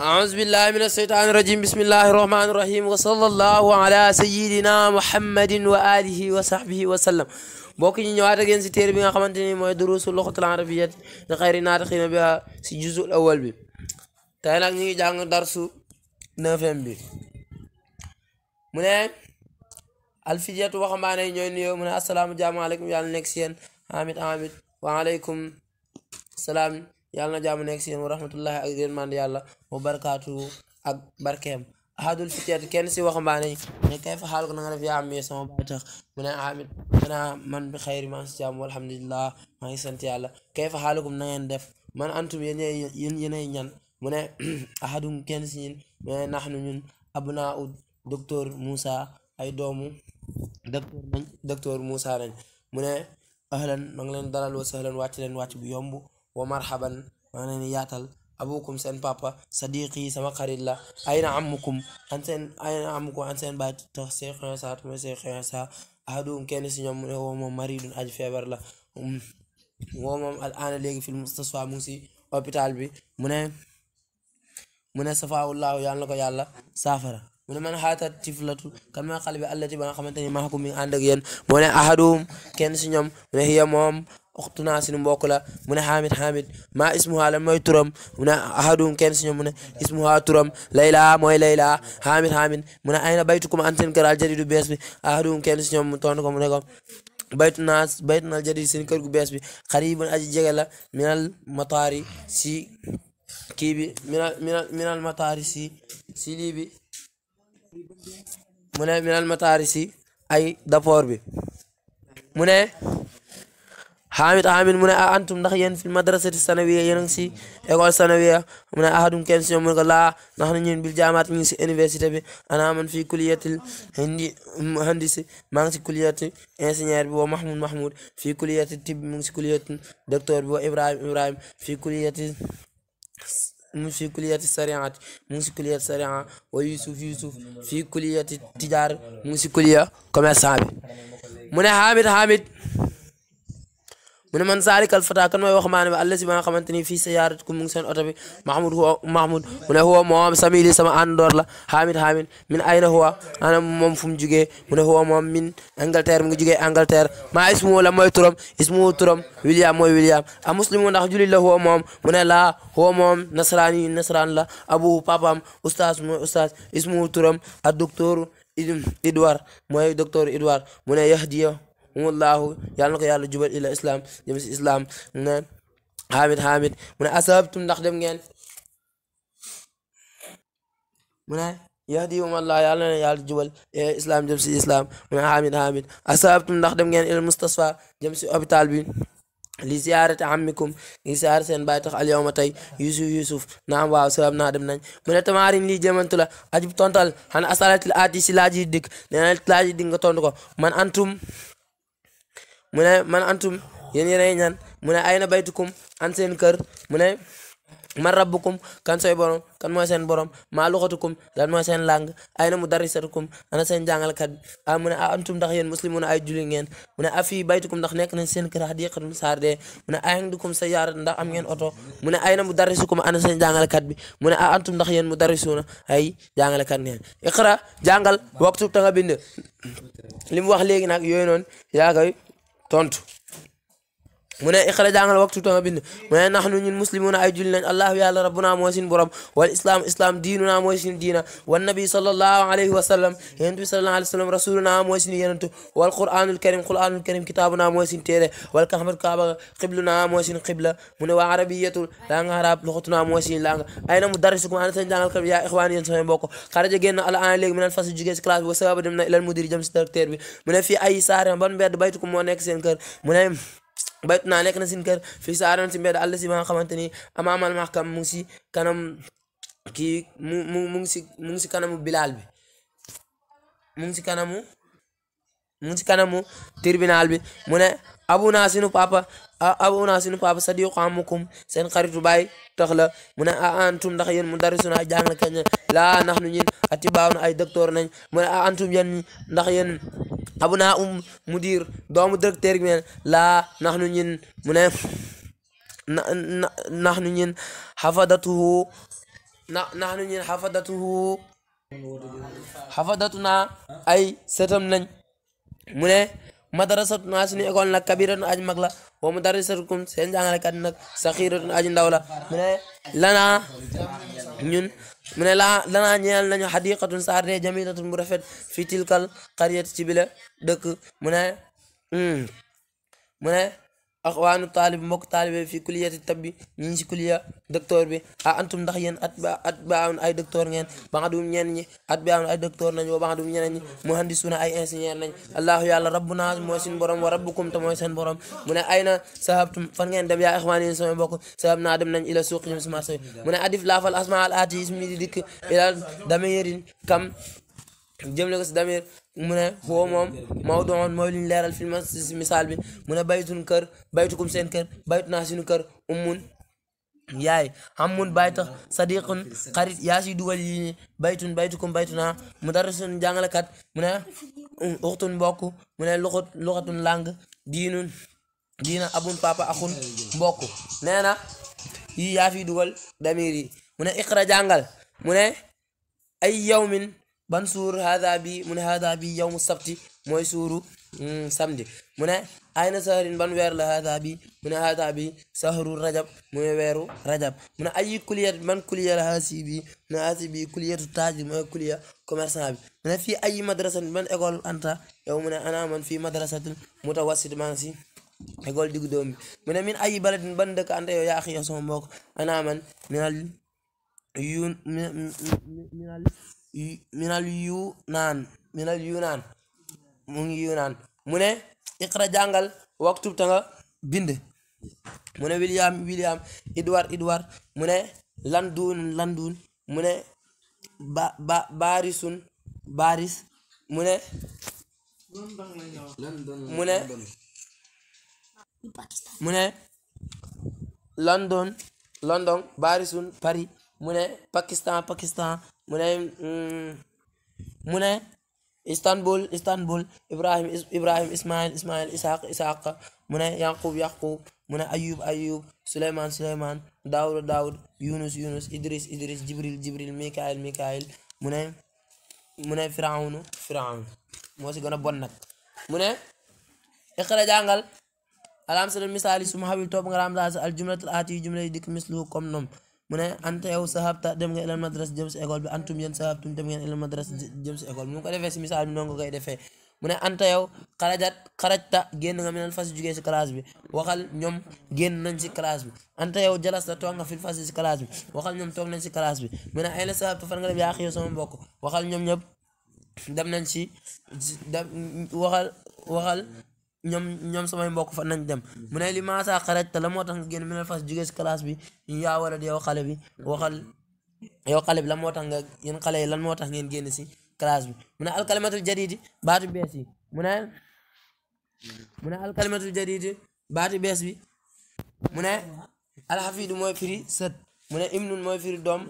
أعوذ بالله من الشيطان الرجيم بسم الله الرحمن الرحيم وصلى الله على سيدنا محمد وآله وصحبه وسلم mbokk ñi ñëwaat ak yéen si téere bi nga xamante ni mooy duruusu luxatul arabiyat li xayri naatiqiina bihaa si juzul awal bi tey nag ñu ngi jàng darsu neuvième bi mu ne alfijatu waxambaane ñooy nuyoo mu ne asalaamu jaamu aleykum yàlla nekk si yéen amit amit waaleykum salaam yàlla na jàmm nekk si yéen wa yàlla wa barakaatu ak barkeem ahadul kenn si waxambaane yi ne tax mu ne amit danaa ah, man bi xayri maa ngi sant yàlla kay fa def man antum yéen ñan mu ne ahadum kenn si ñun mu ne naxnu ñun abnaa u ay doomu docteur nañ docteur Moussa lañ mu ne ahlan ma leen dalal wa sahlan wàcc leen wàcc bu yomb wa marhaban maa ngi leen yaatal abukum seen papa sadiqi sama xarit la ayna amukum an seen ayna amukum an seen baay tax see xeesaat mooy see xeesaa ahadum kenn si ñoom mu ne woo moom maridun aj feebar la mm, woo moom al aana léegi fil mustasfa mu ngi si hôpital bi mu ne mu ne safaawullaahu yàlla na ko yàlla saafara mu ne man xaatat tiflatu kan ma xale bi allati ba nga xamante ni maakum mi ànd ak yéen moo ne ahadum kenn si ñoom mu ne hiya moom uxtu naa sin mbokk la mu ne xamit xamit maa ismuha lan mooy turam mu ne ahadum ñoom mu ne ismuha turam layla mooy layla xamit xamit mu ne ayna baytukum an seen kër aljadidu bees bi ahadum kenn ñoom mu tontu ko mu ko baytu naa baytu naa aljadid seen kër gu bees bi xaribun aji jege la minal mataari si kii bi minal mataari si si lii bi mu ne minal mataari si ay dapoor bi mu xaamit xaamit mu ne a ah, antum ndax yéen fi madrasati sanawiya yéen a ngi si école sanawiya mu ne ahadum kenn si mu ne laa ndax na ñun bil jaamaat ñu ngi si université bi ana man fii kuliyatil hindi handisi maa ngi si kuliyati ingénieur bi wa mahmoud mahmoud fii kuliyati tib mu ngi si kuliyati docteur bi wa ibrahim ibrahim fii kuliyati mu fi kuliyati sariat mu ngi si kuliyati sariat wa yusuf yusuf fii kuliyati tijaar mu ngi si kuliya commerçant bi mu ne xaamit mu ne man zaalikal fata kan mooy waxambaane bi allazi ba nga xamante ni fii sayaaratikum mu ngi seen oto bi mahmud huwa mahmud mu ne huwa moom samili sama àndoor la hamid hamid min ayna huwa ana moom fu mu jugee mu ne huwa moom min Angleterre mu ngi jugee Angleterre maa ismu la mooy turam ismu turam william mooy william a muslimu ndax julit la huwa moom mu ne laa huwa moom nasraani nasraan la abu papam ustaas mooy ustaas ismu turam a docteur Idouard mooy docteur Idouard mu ne yahdiya humullahu yàlla na ko yàlla jubal ila islam jëm si islam mu ne xamit xamit mu ne asabtum ndax dem ngeen mu ne yahdihum allah yàlla na yàlla jubal ila islam jëm si islam mu ne xamit xamit asabtum ndax dem ngeen ila mustasfa jëm si hôpital bi li ziyaarati amikum li ziyaar seen baay tax alyawma tey yusuf yusuf naam waaw sabab naa dem nañ mu ne tamaarin lii jëmantu la ajib tontal xan asalatil aati si laaj yi dikk nee na laaj yi dikk nga tontu ko man antum mu ne man antum yéen yéenay ñaan mu ne ayna baytukum an seen kër mu ne man rabbukum kan sooy borom kan mooy seen borom maa luxatukum lan mooy seen làng ayna mudarrisatukum ana seen jàngalkat bi a ah, mu ne a ah, antum ndax yéen muslimuna ay julli ngeen mu ne a ah, fii baytukum ndax nekk nañ seen kër hadiqatum saar dee mu ne a andukum ndax am ngeen oto mu ne ayna mudarrisukum ana seen jàngalkat bi mu ne a antum ndax yéen mudarrisuna ay jàngalkat ngeen iqra jàngal waxtu ta nga bind li mu wax léegi nag yooyu noonu yaa koy tontu mu ne iqra jàngal waxtu tanga bind mu ne naxnu ñun muslimuuna ay julli nañ allahu yàlla rabbuna mooy suñu borom wal islaam islaam diinuna mooy suñu diina wan nabi sallallahu alayhi wa sallam yonent bi sallallahu alayhi wa sallam rasuluna mooy suñu yonentu wal quranul karim quranul karim kitaabuna mooy suñu téere wal kaxmat kaaba qibluna mooy suñu qibla mu ne waa arabiyatul laa nga arab luxatuna mooy suñu laa nga ay na mu darisukum ana seen jàngal kat yaa ixwaan yéen samay mbokk xaraja génn ala ana léegi minal fas jógee si classe bi wa sababa dem na ilal mudiri jëm si directeur bi mu ne fii ay saare ban mbedd baytukum moo nekk seen kër mu ne baytu naa nekk na sin kër fii sa adoon si mbedd àll si ba nga xamante ni amaamal maxkam mu ngi si kanam kii mu mu mu ngi si mu ngi si kanamu bilaal bi mu ngi si kanamu mu ngi si kanamu tribunal bi mu ne abu naa sinu papa abu naa sinu papa sadiqu amukum seen xaritu baay tax la mu ne a antum ndax yéen mu darisuna ay jàng na la laa nax nu ñin atibaaw na ay docteur nañ mu ne a antum yéen ndax yéen abuna um mudir doomu directeur bi men laa nax nu ñin mu ne nax nu ñin xafadatuhu na nax nu ñin xafadatuhu xafadatuna ay sëtam lañ mu ne madarasatuna suñu école nag kabiratun aji mag la wa mudarrisatukum seen jàngalekat nag saxiratun aji ndaw la lana ñun mu ne laa lanaa ñeel nañu xadiqatun saarde jamilatun bu rafet fi tilkal qaryat ci bile dëkk mu ne hmm, mu ne axwaanu taalibi mbokk taalibe fi kulliyati tabbi ñi ngi ci kulliya bi a antum ndax yéen at ba at baawun ay docteur ngeen baxadum ñeen ñi at baawun ay docteur nañ wa baxadum ñeneen ñi muhandisuna ay ingénieur nañ allahu yàlla rabbuna mooy seen borom wa rabbukum te mooy seen borom mu ne ay na sahabtum fan ngeen dem yaa ixwaan yi mbokk sahab naa dem nañ ila suuq jëm si marché mu adif laafal asma al aati ismi di dikk ila damirin kam jëmle ko si damir mu ne foo moom leeral film si misaal bi mu ne baytun kër baytukum seen kër baytu naa suñu kër ummun yaay xammun bayta sadiqun xarit dugal yi baytun baytukum baytu ah. mu dara suñu jàngalekat mu ne uxtun mbokk mu ne luxut luxatun làng diinun diina abun papa axun mbokk nee na yi dugal damir yi mu ne iqra jàngal ay yawmin ban suur hada bi mu ne hada sabti mooy suuru mm, samedi mu ne na sahrin ban weer la hada bi mu ne hada bi sahru rajab mooy weeru rajab mu ne ayi ban kuliya la haasi bi mu ne haasi mooy kuliya commerçant bi mu ne fii ayi madrasatin ban école anta yow mu ne ana madrasatin mutawassit maa ngi si école diggu doom bi baladin ban dëkk anta yow yaa xi sama mbokk ana minal yunaan minal yunaan mu yunaan mu ne iqra waktub ta nga bind william william edward edward mu ne landun landun mu baris mu ne london london barisun paris mu pakistan pakistan mu ne mm, mu ne istanbul istanbul ibrahim ibrahim ismail ismail ishaq mu ne yaqub yaqub mu ne ayub ayub suleyman suleyman daawud daawud yunus yunus idris idris jibril jibril mikail mu ne mu ne firawnu moo si gën a bon nag mu ne iqra jàngal alam sa misaal yi suma xabil topp nga raam daal al jumlatul aati jumla yi dikk noom mu ne anta yow sahabta dem nga ilal madrasa jëm si école bi antum yéen sahabtum dem ngeen ilal madrasa jëm si école bi mu ko defee ne anta yow xarajat génn nga minal fas jugee si classe bi waxal ñoom génn nañ si classe bi mu ne ay la sahabta fan nga dem yaa xëy sama mbokk waxal ñoom ñëpp dem nañ si waxal waxal ñoom ñoom samay mbokk fan nañ dem mu ne li maasaa xaraj te la moo tax nga génn minal fas jóge si classe bi yaa wala yow xale bi waxal yow xale bi la moo tax nga xale yi lan moo tax ngeen génn si classe bi mu ne alkalimatul jadidi baatu bees yi mu ne mu ne alkalimatul jadidi baatu bees bi mu ne alxafidu mooy firi sët mu ne ibnun mooy firi doom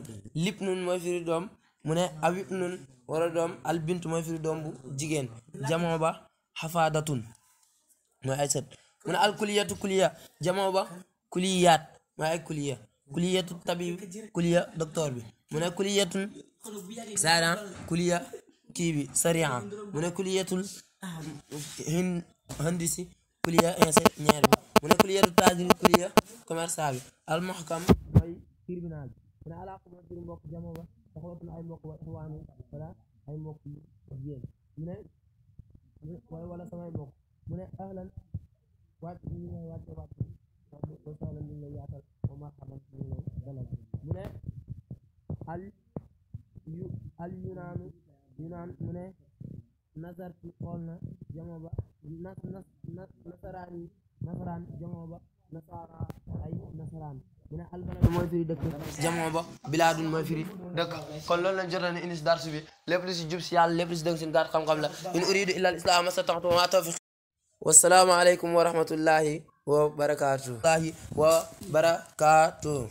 libnun mooy firi doom mu ne awibnun wala doom albint mooy firi doom bu jigéen jamoo ba xafaadatun mooy ay sët mu ne al kuliyatu kuliya jamoo ba kuliyaat mooy ay kuliya kuliyatu tabib kuliya docteur bi mu ne kuliyatun saaran kuliya kii bi sariya mu ne kuliyatul handisi kuliya ingénieur bi mu ne kuliyatu tajir kuliya commerçant bi al mahkam mooy tribunal bi mu ne alaa kumatir mbokk jamoo ba taxawatun ay mbokk wa ixwaani wala ay mbokk jigéen mu ne wala samay mbokk mu ne ahlan waaj ñu ngi lay waaj waaj wa sahlan ñu ngi lay yaatal wa marhaban ñu ngi lay dalal mu ne al yu al yunaanu yunaan mu ne nasar ci xool na jongo ba nas nas nasaraan yi nasaraan jongo ba nasaara ay nasaraan mu ne albalad mooy firi dëkk jamoo ba bilaadun mooy firi dëkk kon loolu lañ jot na indi si darsu bi lépp lu si jub si yàlla lépp lu si dëng si daat xam-xam la in uridu illa al islaam ma stata'tu wa ma tawfiq wasalaamu aleykum wa rahmatullahi wa barakaatu wa barakaatu